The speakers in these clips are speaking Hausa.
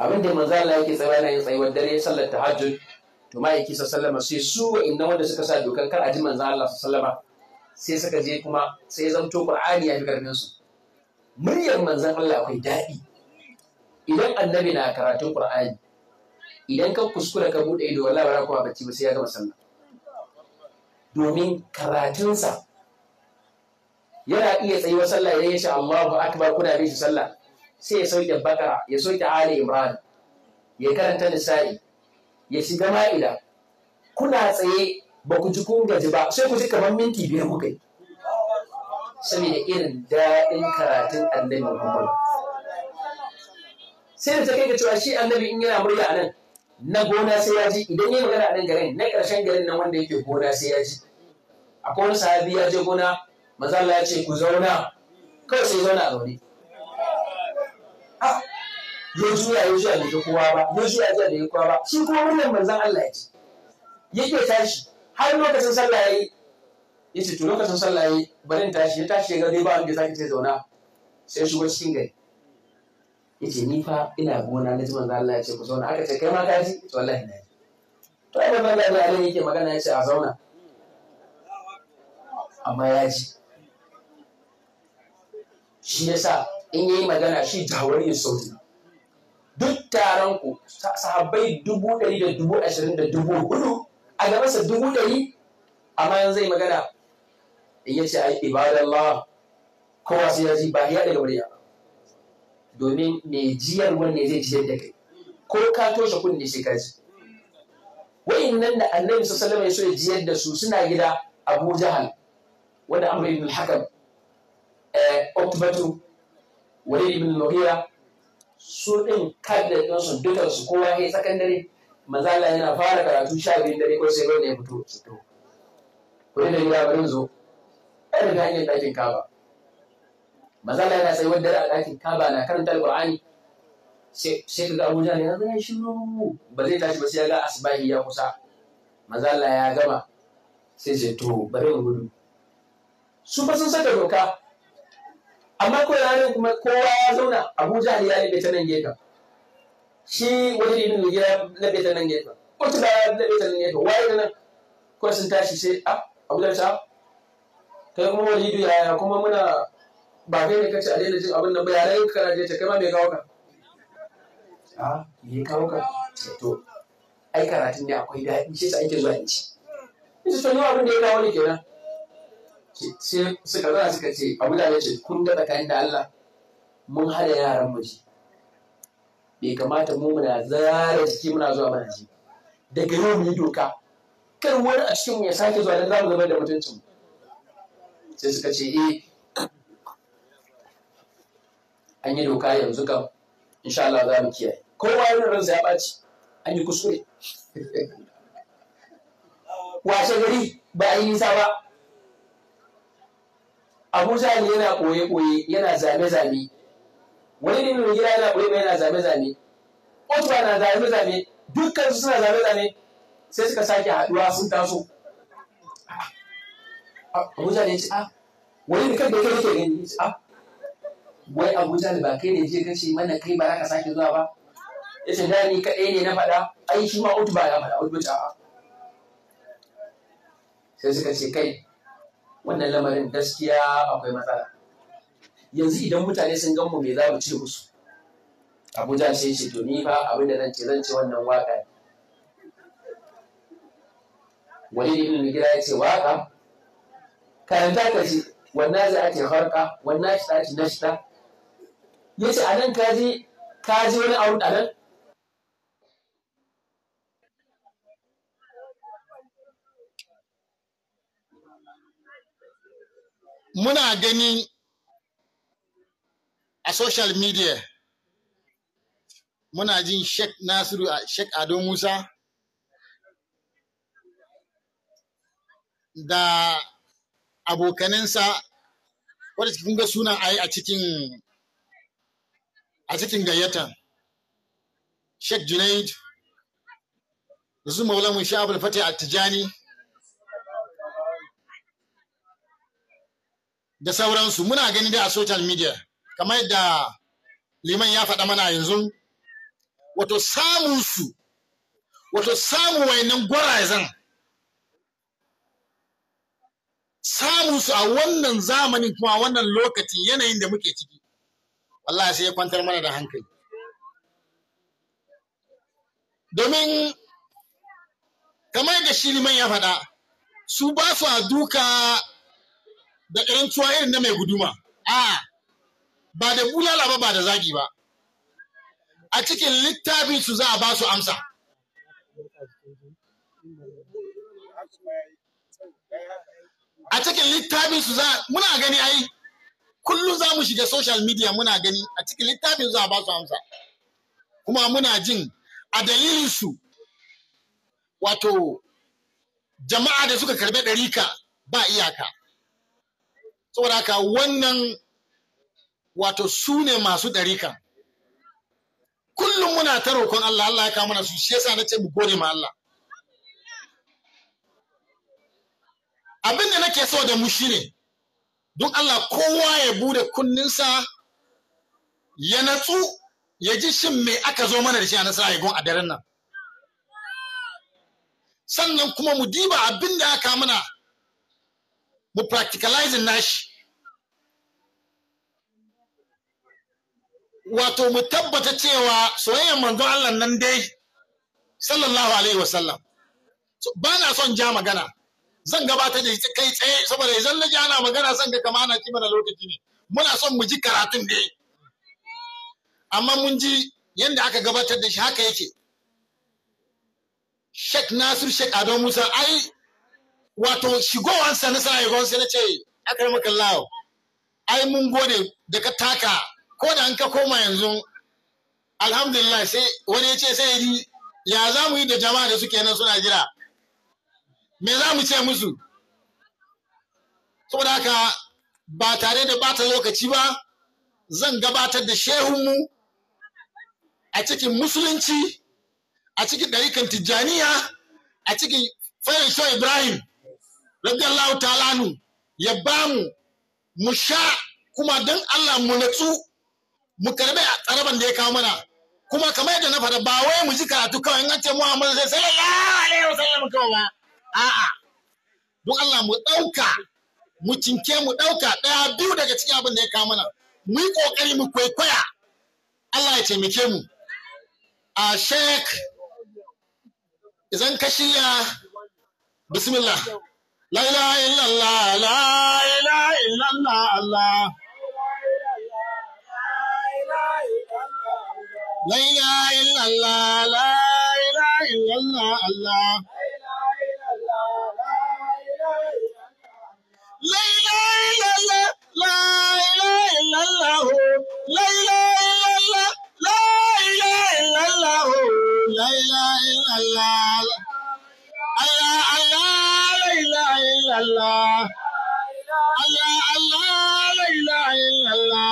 abin da manzo Allah yake tsayawa yana yin tsayuwar dare sallar tahajjud to ma'aiki sallama sai su inna wanda suka sa dokan kar a ji manzo Allah sallama sai suka je kuma sai zanto Qur'ani ya fi karfin su muryar manzon Allah akwai daɗi idan annabi na karatun Qur'ani idan ka kuskura ka bude ido wallahi ba za kuma bacci ba sai ya gama sallah domin karatunsa yana iya tsayuwar sallah ya yi shi Allahu akbar kuna bin shi sallah sai ya sauke bakara ya sauke ali imran ya karanta nisa'i ya shiga ma'ida kuna tsaye ba ku ji kun gaji ba sai ku ji kamar minti biyar kuka yi saboda irin daɗin karatun annabi Muhammad sai da ta kai ga cewa shi annabi in yana murya a nan na gona sai ya ji idan yayi magana a nan garin na ƙarshen garin nan wanda yake gona sai ya ji akwai wani sahabi ya je gona manzo ya ce ku zauna kawai sai zauna a zaune ya Yoshuwa ya bai ga kowa ba Yoshuwa ya da ga kowa ba shi kuma wannan manzon Allah ya ce Ya yake tashi har lokacin sallah yayi ya ce to lokacin sallah yayi bari in tashi ya tashi ya ga dai ba wanda zaki ce zauna sai shigo cikin gari ya ce ni fa ina gona na ji manzon Allah ya ce ku zauna aka ce kai ma ka ji to wallahi na ji to ai manzon Allah ya yake magana ya ce a zauna amma ya ji shi ya sa. in yi magana shi jawari ya sauri duk taron ku sahabbai dubu ɗari da dubu ashirin da dubu hudu a gabansa dubu ɗari amma yanzu zai magana in ya ce ai ma. kowa sai ya ji ba ya daga murya domin mai jiyar wanne zai jiyar da kai ko ka toshe kunne shi ka ji nan da annabi sallallahu alaihi wasallam ya jiyar da su suna gida Abu Jahal wanda Amr ibn hakam eh wani ibn lohiya su ɗin kabinet da su dukkan su kowa ya sakandare mazala yana fara karatu sha biyu dare ko sai wanda ya fito su to kuri da gida barin zo ɗan da hanyar ɗakin kaba mazala yana sai wanda a ɗakin kaba na karanta alƙur'ani sai ka ga abuja ne ya zai shiru ba zai tashi ba sai ya ga asibahi ya kusa mazala ya gama sai sai to bari mu gudu su ba sun saka doka amma ko ranar kuma kowa ya zauna abuja ya labe ta nan gefen shi wani ne mugira ya labe ta nan gefen kurtuba ya labe ta nan gefen waye da nan ko sun tashi sai a ah, abuja ta kai kuma wani idu yaya kuma muna ba kai ne kace a daina jin abin nan ba yaran ka kana ta kai ma me kawo ka a ah, me kawo ka to ai karatun ne akwai daɗi shi sa ake zuwa in ci. Ita to ni abin da ya kawo ne kenan. sai suka zara suka ce abu da ce kun da tsakanin da Allah mun hada yaran mu ji bai kamata mu muna zara jiki muna zuwa mana ji daga yau mu yi doka kar wani a cikin mu ya sake zuwa dan za mu zama da mutuncin mu sai suka ce eh an yi doka yanzu kam insha Allah za mu kiyaye kowa yana ransa ya ɓaci an yi kuskure washe gari ba a yi nisa ba abu jahil yana koye koye yana zame zame wani ne mai gida yana koye yana zame zame otuwa na zame zame dukkan su suna zame zame sai suka sake haduwa sun taso abu jahil ya ce ah wani ne kai da kai yake gani ah wai abu jahil ba kai ne je kace mana kai ba za ka sake zuwa ba ya ce dani kaɗai ne na faɗa ai shi ma otuwa ya faɗa ce ta sai suka ce kai wannan lamarin gaskiya akwai matsala yanzu idan mutane sun gan mu me za mu ce musu abuja sai ce to ni fa abin da zan ce zan ce wannan waka ne wani ibn gida ya ce waka karanta ka ce wannan za a ce harka wannan shi ta ce na shi ta ya ce a nan ka je wani aure a nan muna gani a social media muna jin Sheikh Nasiru Sheikh Ado Musa da abokaninsa wadda cikin ga suna ai a cikin a cikin gayyatan Sheikh Junaid da su maulamin Sha'abul Fatih al tijani da sauransu muna gani da a social media kamar yadda liman ya faɗa mana yanzu wato samun su wato samun wayannan gwarazan samun su a wannan zamanin kuma wannan lokacin yanayin da muke ciki wallahi sai ya kwantar mana da hankali domin kamar da shi liman ya faɗa su ba su a duka da karancuwa irin na mai guduma a ba da bulala ba ba da zagi ba a cikin littafin su za a ba su amsa a cikin littafin su za muna gani ai kullum za mu shiga social media muna gani a cikin littafin za a ba su amsa kuma muna jin a dalilin su wato jama'a da suka karɓi ɗarika ba iyaka saboda haka wannan wato su ne masu ɗarika kullum muna ta roƙon Allah Allah ya kama su shi yasa na ce mu gode ma Allah abin da nake so da mu shine don Allah kowa ya bude kunninsa ya natsu ya ji shin me aka zo mana da shi a nasara gon a daren nan sannan kuma mu diba abin da aka mana mu practicalizing nashi wato mu tabbata cewa soyayyar manzon Allah nan dai sallallahu alaihi wasallam ba na son ja magana zan gabatar da kai tsaye saboda idan na ja ana magana zan ga kama ana kima lokaci ne muna son mu ji karatun dai amma mun ji yadda aka gabatar da shi haka yake Sheikh Nasir Sheikh Adamu Musa ai wato shigowansa na sana sai na ce akarmakan lawo ai mun gode da ka taka ko da an ka koma yanzu alhamdulillah sai wani ya ce sai yi ya za mu yi da jama'a da suke nan suna jira me za mu ce musu saboda haka ba tare da bata lokaci ba zan gabatar da mu a cikin musulunci a cikin ɗarikan tijjaniya a cikin fayar ibrahim radiyallahu ta'ala ya bamu mu sha kuma don Allah mu natsu mu karbe a tsaraban da ya kawo mana kuma kamar yadda na faɗa ba wai mu ji karatu kawai in an ce Muhammad sai sallallahu alaihi wasallam kawai ba a'a don Allah mu ɗauka mu cinke mu ɗauka ɗaya biyu daga cikin abin da ya kawo mana mu yi ƙoƙari mu kwaikwaya Allah ya taimake mu a shek izan ka shirya bismillah La ilaha illallah, la ilaha Allah. La ilaha illallah, la Allah. La Allah, Allah. illallah Allah Allah la ilaha la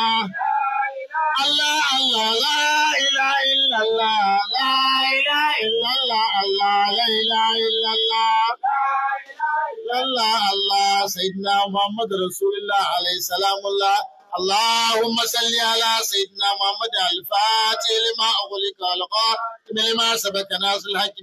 اللهم صل على سيدنا محمد الفاتح لما لما سبق الحق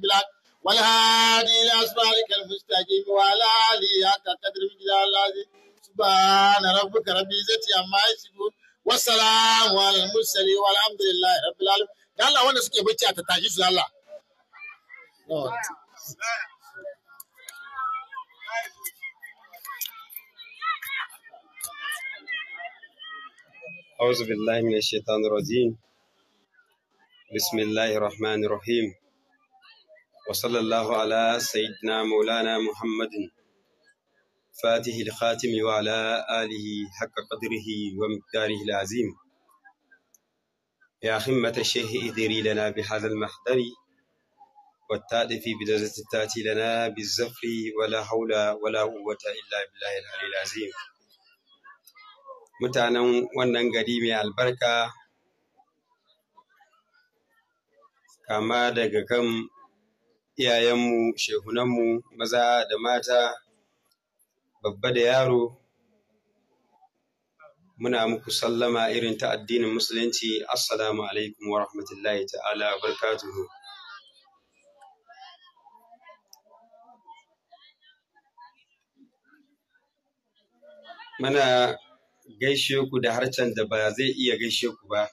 والهادي إلى صراطك المستقيم وعلى آله قدر مقدار العظيم سبحان ربك رب العزة عما يصفون والسلام على المرسلين والحمد لله رب العالمين da Allah wanda suke bacci a tattashi أعوذ بالله من الشيطان الرجيم بسم الله الرحمن الرحيم وصلى الله على سيدنا مولانا محمد فاته الخاتم وعلى آله حق قدره ومقداره العظيم يا خمة الشيخ إدري لنا بهذا المحضر والتألف بدرجة التأتي لنا بالزفر ولا حول ولا قوة إلا بالله العلي العظيم mutanen wannan gari mai albarka kama daga kan iyayenmu shehunanmu maza da mata babba da yaro muna muku sallama irin ta addinin musulunci assalamu alaikum wa rahmatullahi ta'ala barkatuhu muna gaishe ku da harcen da ba zai iya gaishe ku ba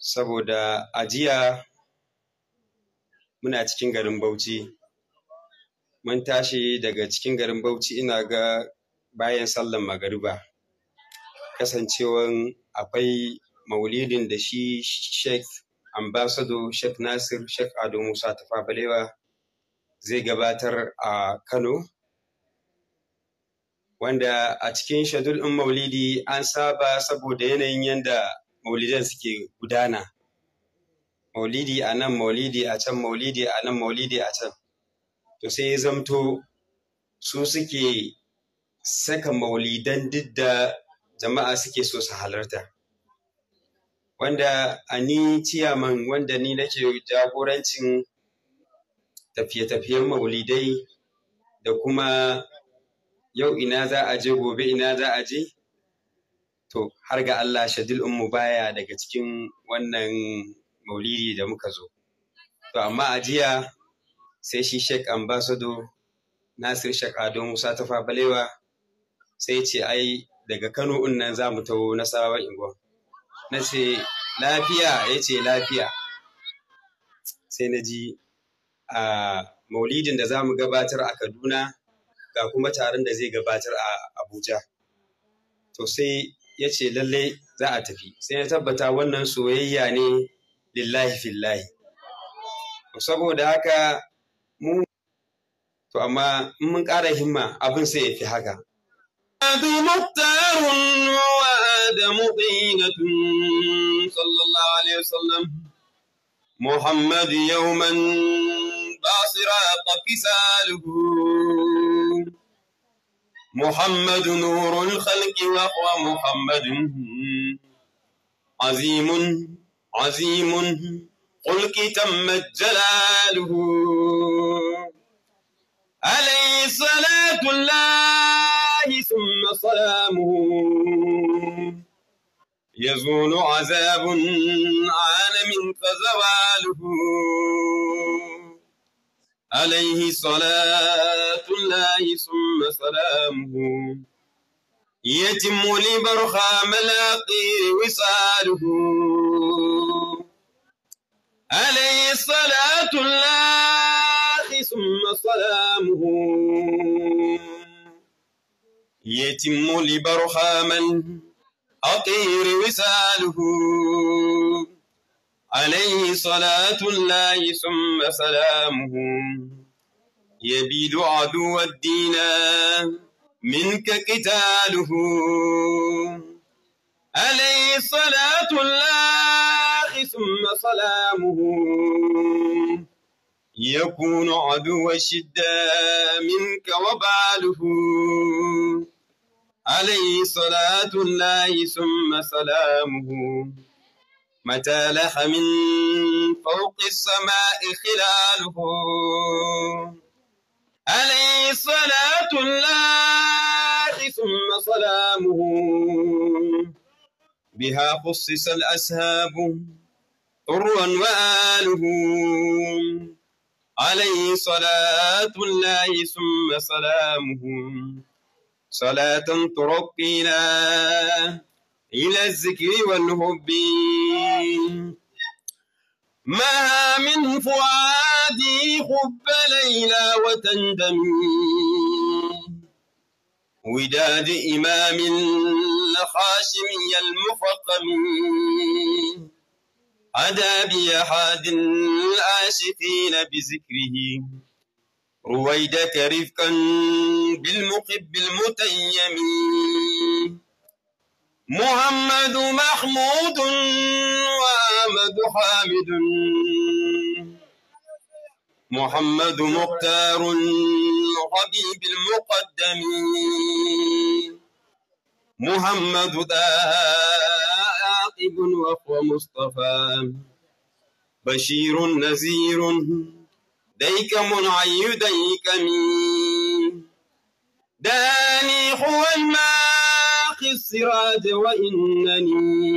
saboda ajiya muna cikin garin Bauchi mun tashi daga cikin garin Bauchi ina ga bayan sallan magariba kasancewan akwai maulidin da shi Sheikh Ambassador Sheikh Nasir Sheikh Ado Musa Tafabalewa zai gabatar a Kano wanda a cikin shadul ɗin maulidi an saba saboda yanayin yadda maulidan suke gudana maulidi a nan maulidi a can maulidi a nan maulidi a can to sai ya zamto su suke saka maulidan duk da jama'a suke so su halarta wanda a ni ciyaman wanda ni nake jagorancin tafiye-tafiyen maulidai da kuma yau ina za a je gobe ina za a je to har ga Allah shadil ummu baya daga cikin wannan maulidi da muka zo to amma a jiya sai shi sheik ambasado nasir sheik ado musa ta balewa sai ce ai daga kano in nan za mu taho na sabon ingo. na ce lafiya ya ce lafiya sai na ji a maulidin da za mu gabatar a kaduna ga kuma taron da zai gabatar a abuja to sai ya ce lallai za a tafi sai ya tabbata wannan soyayya ne lillahi fillahi saboda haka mu to amma in mun ƙara himma abin sai ya fi haka محمد يوما باصراط كساله محمد نور الخلق وهو محمد عظيم عظيم قل كي تمت جلاله عليه صلاة الله ثم صلامه يزول عذاب عالم فزواله عليه صلاة الله ثم سلامه يتم لبرخام لاقي وصاله عليه صلاة الله ثم صلامه يتم لبرخاما أطير وساله عليه صلاة الله ثم سلامه يبيد عدو الدين منك قتاله عليه صلاة الله ثم صلامه يكون عدو الشدة منك وباله عليه صلاة الله ثم سلامه متى لح من فوق السماء خلاله عليه صلاة الله ثم سلامه بها خصص الأسهاب طروا وآله عليه صلاة الله ثم سلامهم صلاة ترقينا إلى الذكر والحب ما من فؤادي حب ليلى وتندمي وداد إمام الحاشمي المفقم عدا بأحد العاشقين بذكره رويدك رفقا بالمقب المتيم محمد محمود وآمد حامد محمد مختار حبيب المقدمين محمد دائب وهو مصطفى بشير نذير ديك منعي ديك مين داني هو الماقي السراج وإنني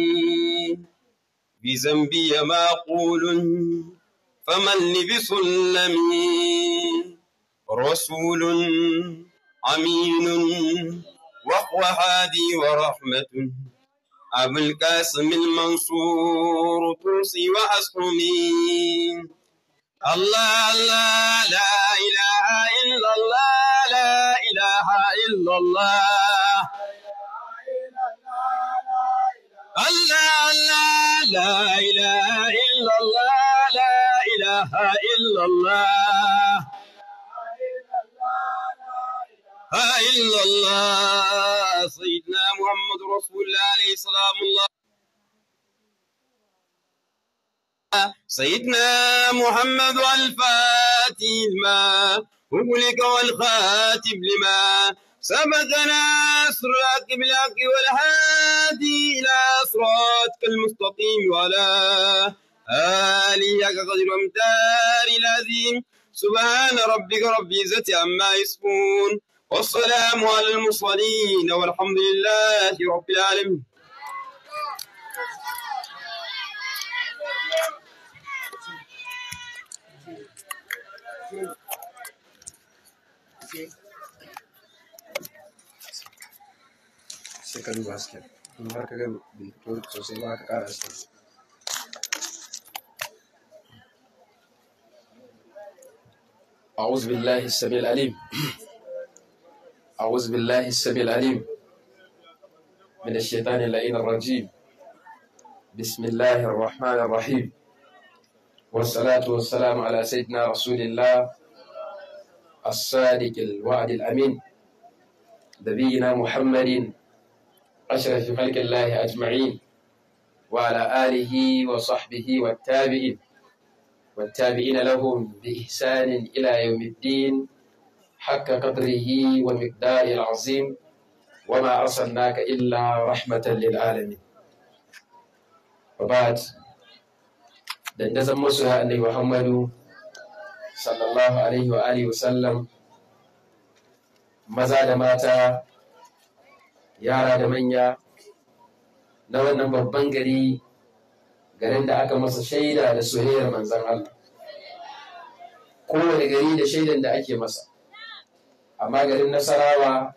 بذنبي معقول فمن لبسلمي رسول أمين وهو هادي ورحمة أبو القاسم المنصور طوسي وأسقمي الله الله لا إله إلا الله لا إله إلا الله الله الله لا إله إلا الله لا إله إلا الله إله إلا الله سيدنا محمد رسول الله عليه السلام الله سيدنا محمد الفاتح ما أغلق والخاتم لما سبق ناصرك بالحق والهادي إلى صراطك المستقيم وعلى اليك قدر ومدار العزيم سبحان ربك رب العزة عما يصفون والسلام على المرسلين والحمد لله رب العالمين آه، آه، آه. أعوذ بالله السميع العليم أعوذ بالله السميع العليم من الشيطان اللعين الرجيم بسم الله الرحمن الرحيم والصلاة والسلام على سيدنا رسول الله الصادق الوعد الأمين نبينا محمد أشرف خلق الله أجمعين وعلى آله وصحبه والتابعين والتابعين لهم بإحسان إلى يوم الدين حق قدره ومقداره العظيم وما أرسلناك إلا رحمة للعالمين وبعد دندزم مسوها أني محمد صلى الله عليه وآله وسلم maza da mata yara da manya na wannan babban gari garin da aka masa shaida da soyayyar manzan Allah kowane gari da shaidan da ake masa amma garin nasarawa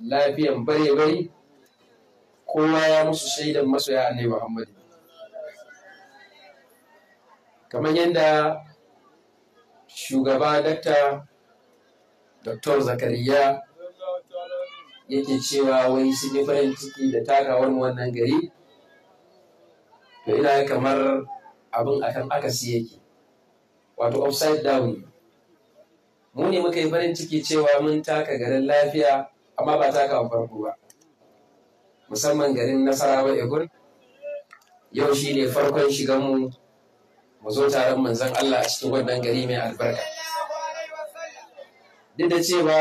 lafiyan bare bare kowa ya musu shaidan masoya annabi Muhammadu. kamar yadda shugaba dakta dr zakariya yake cewa wai sun yi farin ciki da takawar wannan gari to ina kamar abin akan akasi yake wato upside down mu ne muka yi farin ciki cewa mun taka garin lafiya amma ba taka farko ba musamman garin nasarawa egun yau shi ne farkon shiganmu mu zo taron manzan Allah a cikin wannan gari mai albarka duk da cewa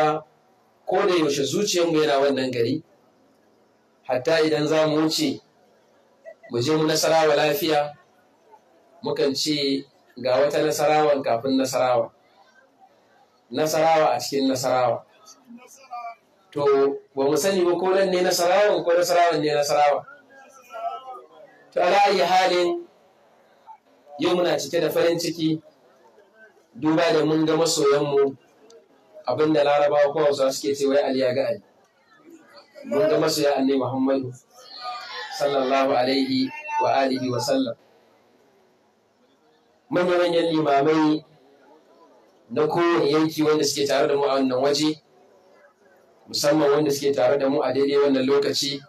ko da yaushe zuciyarmu yana wannan gari hatta idan za mu wuce mu je mu nasarawa lafiya mukan ce ga wata nasarawan kafin nasarawa nasarawa a cikin nasarawa to ba mu sani ba ko nan ne nasarawan ko nasarawan ne nasarawa to ra'ayi halin yau muna cike da farin ciki duba da mun ga masoyanmu abinda larabawa ko hausawa suke ce wai aliya ga ali mun ga masoya annabi muhammadu sallallahu alaihi wa alihi wa sallam manyan limamai na kowane yanki wanda suke tare da mu a wannan waje musamman wanda suke tare da mu a daidai wannan lokaci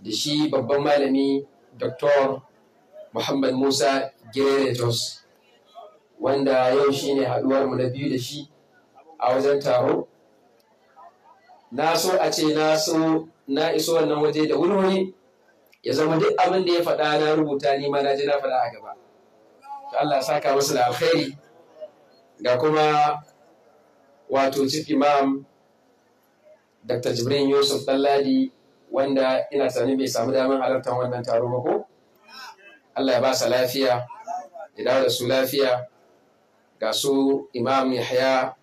da shi babban malami Dr. Muhammad Musa Girere Jos wanda yau shi ne mu na biyu da shi a wajen taro. Na so a ce na so na iso wannan waje da wuri ya zama duk abin da ya faɗa na rubuta ni ma na ji na faɗa a gaba. Allah saka wasu da alkhairi. ga kuma wato chief imam dr jibrin yusuf ɗanladi wanda ina sani bai samu damar halartar wannan taro ba ko allah ya ba sa lafiya ya dawo da su lafiya ga su imam yahya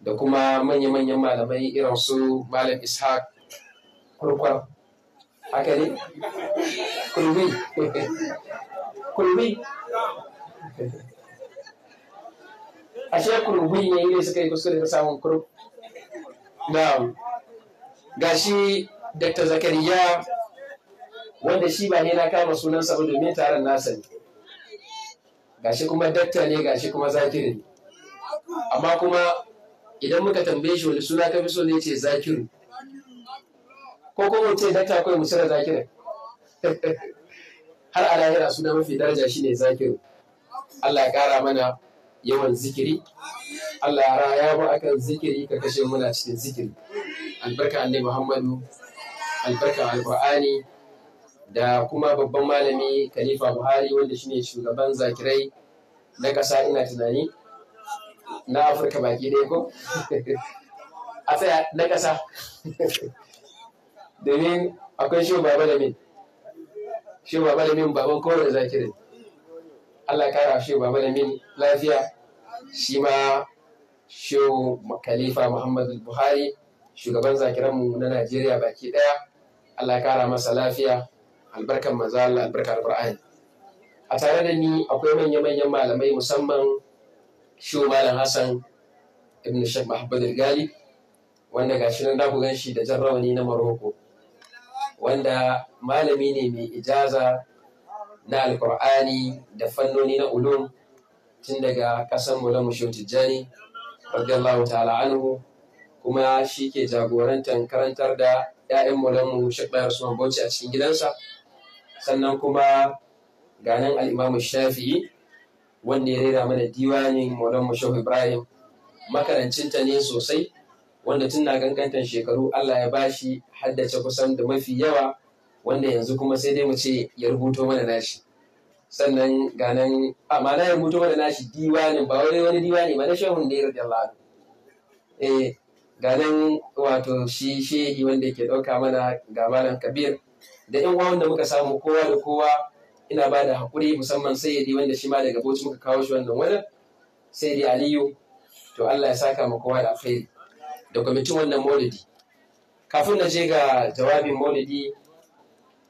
da kuma manya-manyan malamai irin su malam ishaq kurkwar haka ne kulwi kulwi ashe kurubun yayi ne suka yi kuskure da samun kurub na'am gashi Dr. Zakariya wanda shi ba ne na kama sunan ba domin taron nasa ne gashi kuma dakta ne gashi kuma zakiri ne amma kuma idan muka tambaye shi wani suna ka fi so ne ce zakiru ko kuma ce dakta kawai mu cire zakirin har a lahira suna mafi daraja shi ne zakiru Allah ya kara mana yawan zikiri Allah ya raya mu akan zikiri ka kashe muna cikin zikiri albarka annabi Muhammadu albarka alqur'ani da kuma babban malami Khalifa Buhari wanda shine shugaban zakirai na kasa ina tunani na Afirka baki ɗaya ko a tsaya na kasa. domin akwai shi baba da shi baba da baban kowane zakirai Allah kara shi baba mana min lafiya shi ma shehu khalifa Muhammadu buhari shugaban zakiranmu na najeriya baki daya Allah kara masa lafiya albarkan Maza Allah albarkar Qur'ani a tare da ni akwai manya-manyan malamai musamman shehu malam hassan ibn shek mahabbad gali wanda gashi nan da ku gan shi da jan rawani na maroko wanda malami ne mai ijaza na alkur'ani da fannoni na ulum tun daga ƙasar mu lamu shi tijjani radiyallahu ta'ala anhu kuma shi ke jagorantar karantar da 'ya'yan mu lamu mu shaɗayar bauchi a cikin gidansa sannan kuma ganin al'imamu shafi'i wanda ya rera mana diwanin lamu mashau ibrahim makarancinta ne sosai wanda tun na kankantar shekaru allah ya bashi haddace kusan da mafi yawa wanda yanzu kuma sai dai mu ce ya rubuto mana nashi sannan ga nan a mana ya rubuto mana nashi diwanin ba wani wani diwani ba na shehun da ya radiyallahu eh ga nan wato shi shehi wanda yake ɗauka mana ga malam kabir da yan uwan da muka samu kowa da kowa ina ba da haƙuri musamman sayyidi wanda shi ma daga bauchi muka kawo shi wannan wurin sayyidi aliyu to allah ya saka mu kowa da alkhairi da kwamitin wannan maulidi kafin na je ga jawabin maulidi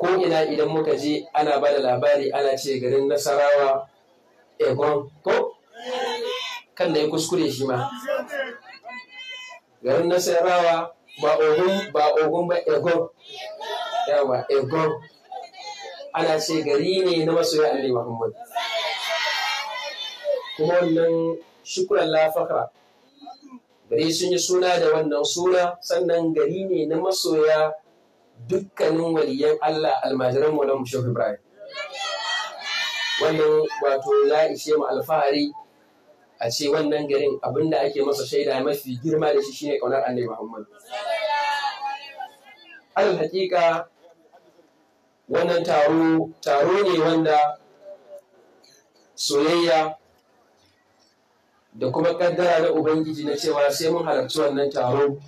ko ina idan muka je ana ba da labari ana ce garin nasarawa egon ko kan da ya kuskure shi ma garin nasarawa ba ogun ba ogun ba egon yawa egon ana ce gari ne na masoya annabi muhammad kuma wannan shukuran lafakra gari sun yi suna da wannan suna sannan gari ne na masoya dukkanin waliyan Allah almajiran mu na Mushaf Ibrahim wannan wato ya ishe mu alfahari a ce wannan garin abinda ake masa shaida mafi girma da shi shine kaunar Annabi Muhammad al haƙiƙa wannan taro taro ne wanda soyayya da kuma kaddara na Ubangiji na cewa sai mun halarci wannan taro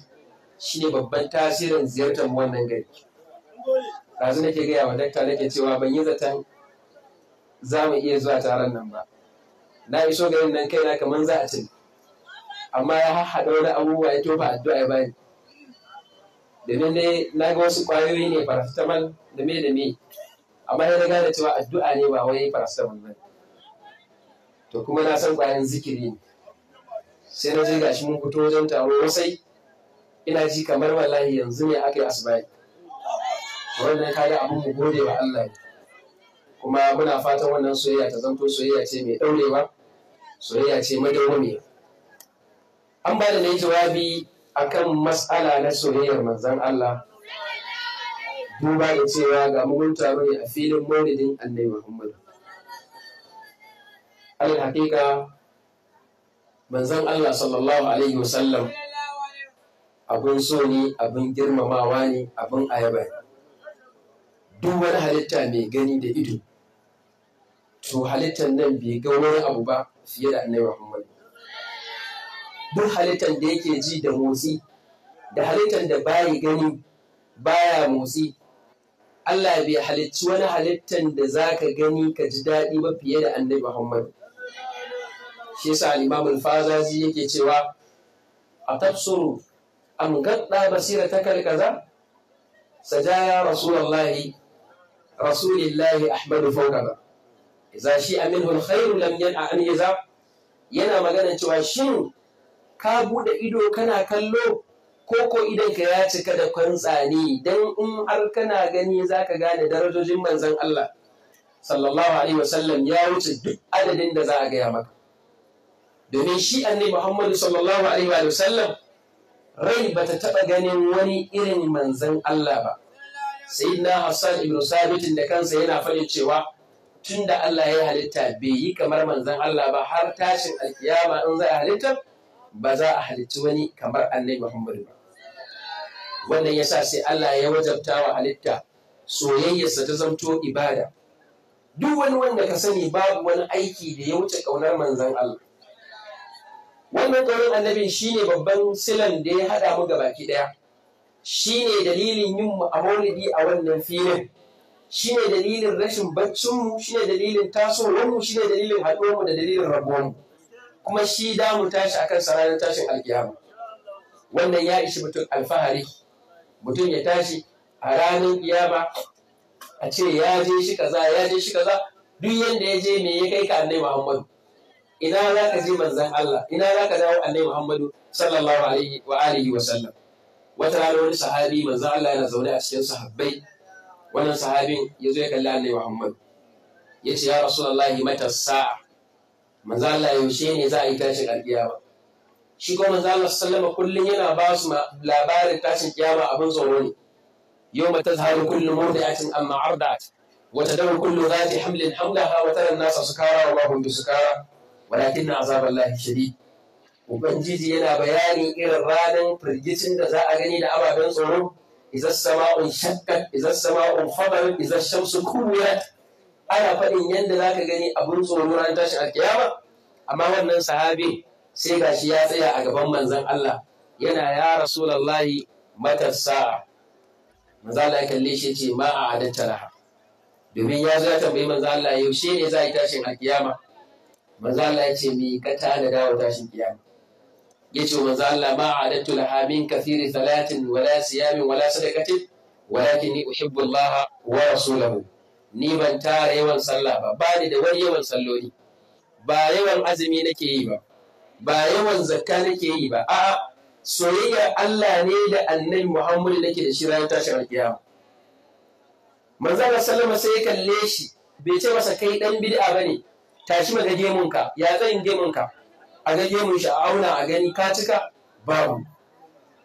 Shi ne babban tasirin ziyartar wannan gari ɗazu ke gaya wa dakta ke cewa ban yi zaton za mu iya zuwa taron nan ba na iso garin nan kaina kamar za a ce amma ya haɗa wani abubuwa ya tofa addu'a ya bani domin dai na ga wasu ƙwayoyi ne paracetamol da me da me amma ya gane cewa addu'a ne ba wai paracetamol ba to kuma na san ƙwayan zikiri ne sai na je gashi mun fito wajen taro sai ina ji kamar wallahi yanzu ne aka yi asibai wannan kaga abin mu gode wa Allah kuma muna fatan wannan soyayya ta zanto soyayya ce mai daurewa soyayya ce madawwamiya an ba da ne jawabi akan mas'ala na soyayyar manzon Allah duba da cewa ga mugun taro ne a filin maulidin annabi Muhammad alal hakika manzon Allah sallallahu alaihi wasallam abin so ne abin girmamawa ne abin ayaba ne duk wani halitta mai gani da ido to halittar nan bai ga wani abu ba fiye da annai Muhammadu. duk halittar da yake ji da motsi da halittar da bayi gani baya motsi Allah bai halicci wani halittar da za ka gani ka ji daɗi ba fiye da annabi Muhammadu. Shi yasa al fazazi yake cewa a tafsiru. an gadda basira ta ya kaza sajaya rasulullahi rasulillahi ahmadu ba. za shi aminhu alkhairu lam a an yana magana cewa shin ka bude ido kana kallo koko ka ya cika da kwantsani don in har kana gani za ka gane darajojin manzan Allah sallallahu alaihi wasallam ya wuce duk adadin da za a gaya maka domin shi annabi Muhammadu sallallahu alaihi wasallam rai ba ta taɓa ganin wani irin manzan Allah ba sai na Hassan ibn Sabitin da kansa yana faɗin cewa tun da Allah ya yi halitta bai yi kamar manzan Allah ba har tashin alkiyama in za a halitta ba za a halitta wani kamar Annabi Muhammad ba wannan sa sai Allah ya wajabta wa halitta soyayyarsa ta zamto ibada duk wani wanda ka sani babu wani aiki da ya wuce ƙaunar manzan Allah wannan ƙaunar annabin shi ne babban silan da ya haɗa mu baki ɗaya shi ne dalilin yin mu'amalidi a wannan filin shi ne dalilin rashin baccinmu shi ne dalilin tasowarmu shi ne dalilin haɗuwarmu da dalilin rabuwarmu kuma shi da mu tashi akan sararin tashin alkiyama wannan ya ishi mutum alfahari mutum ya tashi a ranar kiyama a ce ya je shi kaza ya je shi kaza duk yadda ya je me ya kai ka annai muhammadu ina za ka je manzan Allah ina za ka dawo annabi Muhammadu sallallahu alaihi wa alihi wa sallam wata rana wani sahabi manzan Allah yana zaune a cikin sahabbai wannan sahabin ya zo ya kalli annabi Muhammadu ya ce ya rasulullahi mata sa'a manzan Allah yaushe ne za a yi tashin alkiyama shi kuma manzan Allah sallama kullum yana ba su labarin tashin kiyama abin tsoro ne يوم تظهر كل مرضعة أما أرضعت وتدور كل ذات حمل حملها وترى الناس سكارى وما su kara. walakin na azabar lahi shari ubangiji yana bayanin irin ranar firgicin da za a gani da ababen tsoro izar sama'un shakkat izar sama'un fadar ana faɗin yadda za ka gani abin tsoro ran tashin alkiyama amma wannan sahabi sai gashi ya tsaya a gaban manzon Allah yana ya rasulallahi matar sa'a manzo Allah ya shi ce ma a adatta laha domin ya ya tambayi manzo Allah yaushe ne za a yi tashin alkiyama manzo ya ce mi ka da dawo tashin kiyama yace manzo Allah ma adattu laha min kathiri salatin wala siyamin wala sadaqatin walakin uhibbu Allah wa rasulahu ni ban tara yawan sallah ba ba ni da wani yawan salloli ba yawan azumi nake yi ba ba yawan zakka nake yi ba a'a soyayya Allah ne da annabi Muhammadu nake da shi ranar tashin kiyama manzo Allah sallama sai kalle shi bai ce masa kai dan bid'a ne. tashi maga ka ya tsayin gemunka a ga gemun shi a auna a gani ka cika babu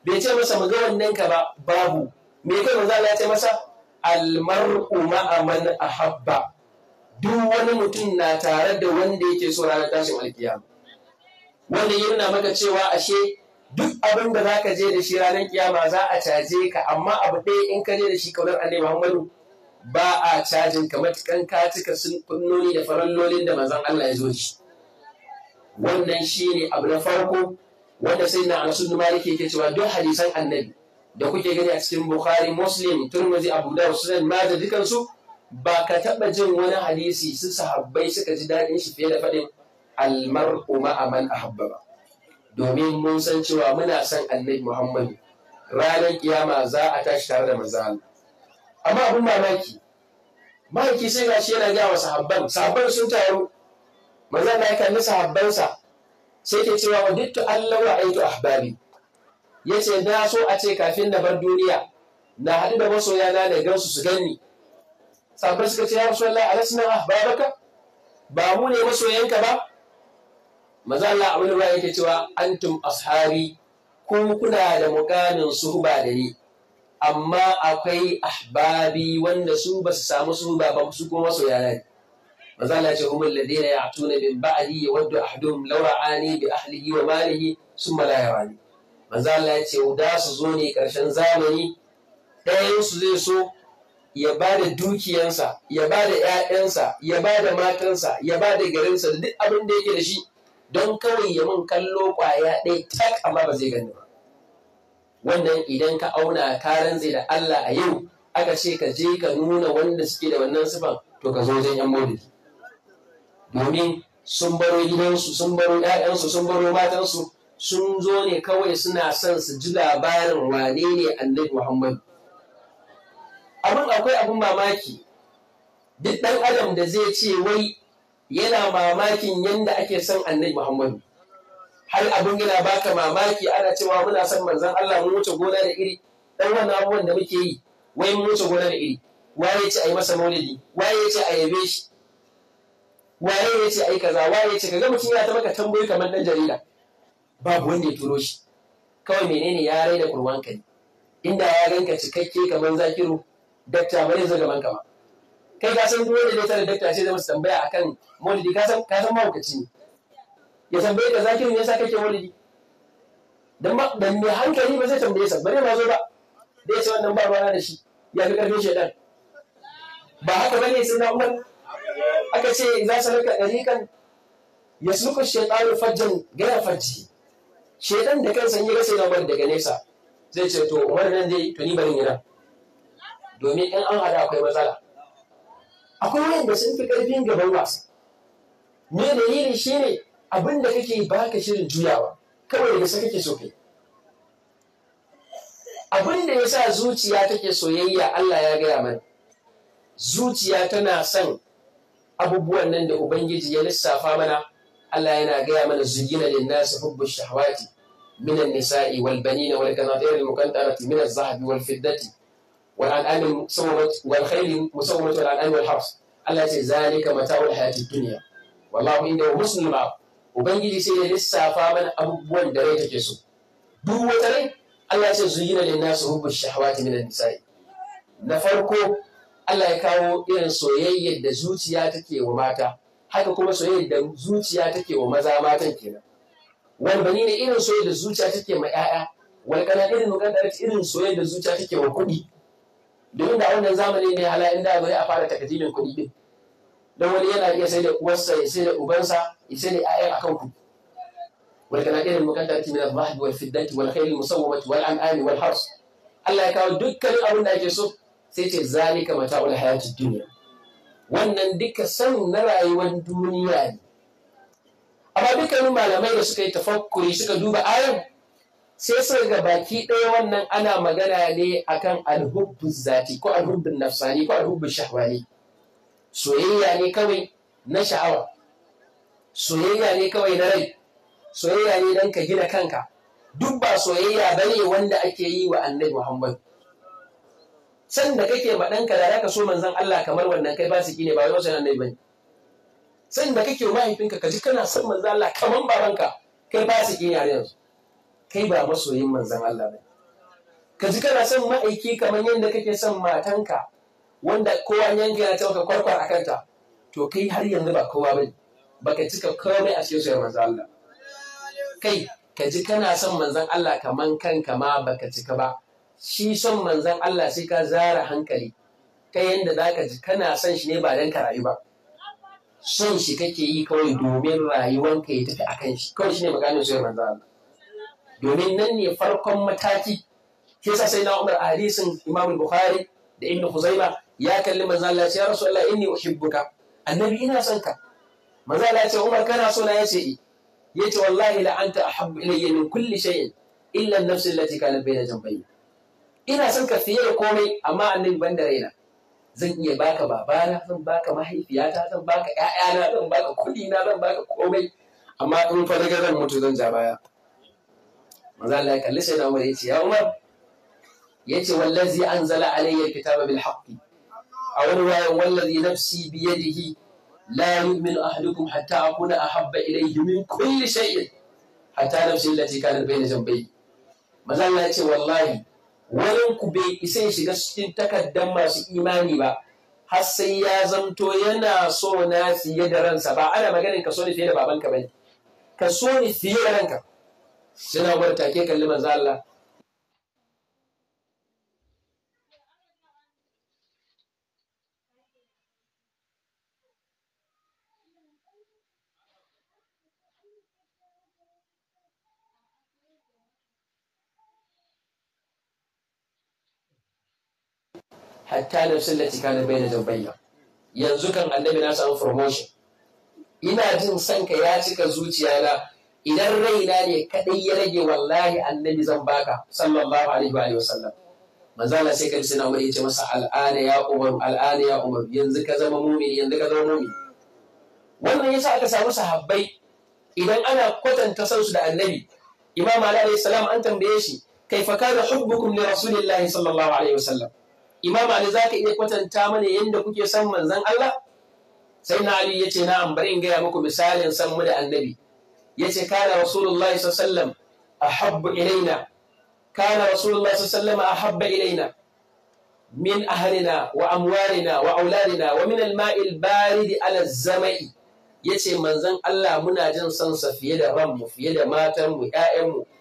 bai ce masa maga wannan ka ba babu me kai maza ya ce masa almar'u ma'a man ahabba duk wani mutum na tare da wanda yake so ranar tashin alkiyama wanda ya nuna maka cewa ashe duk abin da za ka je da shi ranar kiyama za a caje ka amma abu ɗaya in ka je da shi kaunar annabi Muhammadu ba a cajin kamar matukan ka sun kunnoni da farallolin da manzon Allah ya zo shi wannan shine abu na farko wanda sai na a bin keke yake cewa duk hadisan annabi da kuke gani a cikin Bukhari Muslim Turmuzi Abu Dawud Sunan Majah dukan su ba ka taba jin wani hadisi su sahabbai suka ji daɗin shi fiye da faɗin almar'u ma'a man ahabba ba domin mun san cewa muna son annabi Muhammadu ranar kiyama za a tashi tare da Allah amma abin mamaki mahaiki sai gashi yana gaya sahabban sahabban sun taru Maza Allah ya kalli sahabbansa sai ke cewa wa dittu Allah wa aitu ahbabi yace na so a ce kafin na bar duniya na haɗu da masoya na da gansu su gani sahabban suka ce ya allah alasna ahbabaka ba mu ne masoyanka ba manzo Allah abin da yake cewa antum ashari ku kuna da mukamin suhba da ni amma akwai ahbabi wanda su ba su samu su ba ba su kuma masoya ne manzo ce humul ladina ya'tuna min ba'di yawaddu ahaduhum laura ani bi ahlihi wa malihi sun la yarani mazala ce da su zo ne ƙarshen zamani ɗayan zai so ya ba da dukiyansa ya ba da ‘ya'yansa ya ba da matansa ya ba da garinsa da duk abin da yake da shi don kawai ya mun kallo ƙwaya ɗaya tak amma ba zai gani ba wannan idan ka auna ka rantse da Allah a yau aka ce ka je ka nuna wanda suke da wannan sifan to ka zo wajen yan maulidi domin sun baro gidansu sun baro ƴaƴansu sun baro matansu sun zo ne kawai suna son su ji labarin wane ne annabi Muhammad abin akwai abin mamaki duk ɗan adam da zai ce wai yana mamakin yanda ake son annabi muhammadu. har abin yana baka mamaki ana cewa muna son manzon Allah mu wuce gona da iri dan wannan abubuwan da muke yi wai mu wuce gona da iri waye ya ce a yi masa maulidi waye ya ce a yabe shi waye ya ce a yi kaza waye ya ce kaga mutum ya ta maka tambayi kamar dan jarida babu wanda ya turo shi kawai menene ya rai da kurwan kai inda ya ganka cikakke kamar zakiru dakta bare zai gaban ka ba kai ka san duk wanda ya tare dakta sai zai masa tambaya akan maulidi ka san ka san mahaukaci ne ya tambaye ka zakirin yasa kake walidi dan ba dan mai hankali ba zai tambaye sa bare ma zo ba dai ce wannan ba ruwana da shi ya fi karfin shedan ba haka bane sai na umar aka ce za su rika dariƙan ya suku fajjan gaya fajji Shaɗan da kansa yi sai yana daga nesa zai ce to umar nan zai to ni bari nan. domin in an hada akwai matsala akwai wanda sun fi karfin gaban wasa me dalili shine abin da kake ba ka shirin juyawa kawai daga sa kake so kai abin da ya sa zuciya take soyayya Allah ya gaya mana zuciya tana son abubuwan nan da ubangiji ya lissafa mana Allah yana gaya mana zuyina lin nas hubbu shahawati min an-nisa'i wal banina wal qanatir al muqantarati min az-zahabi wal fiddati wal an'am musawwamat wal khayl musawwamat wal an'am wal habs Allah ya ce zalika mata'ul hayatid dunya wallahu indahu husnul ubangiji sai ya lissafa mana abubuwan da rai take so duk wata rai Allah ce zuyina lin su hubbu shahawati minan nisa'i na farko Allah ya kawo irin soyayyar da zuciya take wa mata haka kuma soyayyar da zuciya take wa maza matan kenan wani bani ne irin soyayyar da zuciya take ma 'ya'ya wani kana irin mukaddara irin soyayyar da zuciya take wa kuɗi domin da wannan zamani ne hala inda bai a fara takadimin kuɗi din dan wani yana iya sai da uwarsa ya sai da ubansa ya sai da ƴaƴan akan ku wal kanaqir al muqaddati min al dhahab wal fiddati wal khayl al musawwamati wal an'ami wal hars Allah ya kawo dukkanin abin da ake so sai ce zalika mata'ul hayatid dunya wannan duka san na rayuwar duniya ne amma dukkanin malamai da suka yi tafakkuri suka duba ayan sai suka ga baki ɗaya wannan ana magana ne akan alhubbu zati ko alhubbun nafsani ko alhubbun shahwani soyayya ne kawai na sha'awa soyayya ne kawai na rai soyayya ne don ka gina kanka duk ba soyayya ba ne wanda ake yi wa annabi muhammad san da kake ma ɗanka da ka so manzan Allah kamar wannan kai su ne ba wai sanar annabi bane san da kake mahaifinka ka ji kana son manzan Allah kamar babanka kai su ne a yanzu kai ba masoyin manzan Allah ba ka ji kana son ma'aiki kamar yadda kake son matanka wanda kowa yanke yana cewa kwarkwar a kanta to kai har yanzu ba kowa bane baka cika komai a cikin soyayyar manzan Allah kai ka ji kana son manzan Allah kaman kanka ma baka cika ba shi son manzan Allah sai ka zara hankali yadda yanda zaka ji kana son shi ne ba dan ka rayu ba son shi kake yi kawai domin ka ya tafi akan shi kawai shine maganin soyayyar manzan Allah domin nan ne farkon mataki kisa sa sai na Umar a hadisin Imam Bukhari da Ibn Khuzaimah ya kalli manzo Allah ya rasu ya rasulullah inni uhibbuka annabi ina son ka manzo Allah ya ce Umar kana so na yace eh. yace wallahi la anta ahabbu ilayya min kulli shay'in illa an-nafs allati kanat bayna jambayya ina son ka fiye da komai amma annabi ban da raina zan iya baka babana zan baka mahaifiyata zan baka ƴaƴana zan baka kuɗi na zan baka komai amma in fa daga zan mutu zan ja baya manzo Allah ya kalli sai da Umar yace ya Umar yace wallazi anzala alayya alkitaba bil haqqi a wani wayan wallazi nafsi biyadihi la yu'minu ahadukum hatta akuna ahabba ilayhi min kulli shay'in hatta nafsi allati kanat bayna jambayhi manzo Allah ya ce wallahi wani ku bai isa ya shiga cikin takaddan masu imani ba har sai ya zamto yana so na fiye da ransa ba ana maganin ka so ni fiye da babanka bane ka so ni fiye da ranka suna bar ke kalli manzo Allah hatta nafsin lati kana baina jabbayya yanzu kan annabi na samu promotion ina jin san ka ya cika zuciya na idan raina ne kadai ya rage wallahi annabi zan baka sallallahu alaihi wa alihi wasallam manzala sai kan sina umar yace masa al'ana ya umar al'ana ya umar yanzu ka zama mumini yanzu ka zama mumini wannan yasa aka samu sahabbai idan ana kwatanta sansu da annabi imam ali alayhi salam an tambaye shi kaifa kana hubbukum li rasulillahi sallallahu alaihi wasallam imam ali ka iya kwatanta mana yadda kuke son manzan Allah sai na ali yace na bari in gaya muku misalin san mu da annabi yace kana rasulullahi sallallahu alaihi wasallam ahabbu ilaina kana rasulullahi sallallahu alaihi wasallam ahabba ilaina من wa وأموالنا وأولادنا Bari, da البارد على ya yace manzan Allah muna jin sansa fiye da ranmu fiye da matanmu 'ya'yanmu.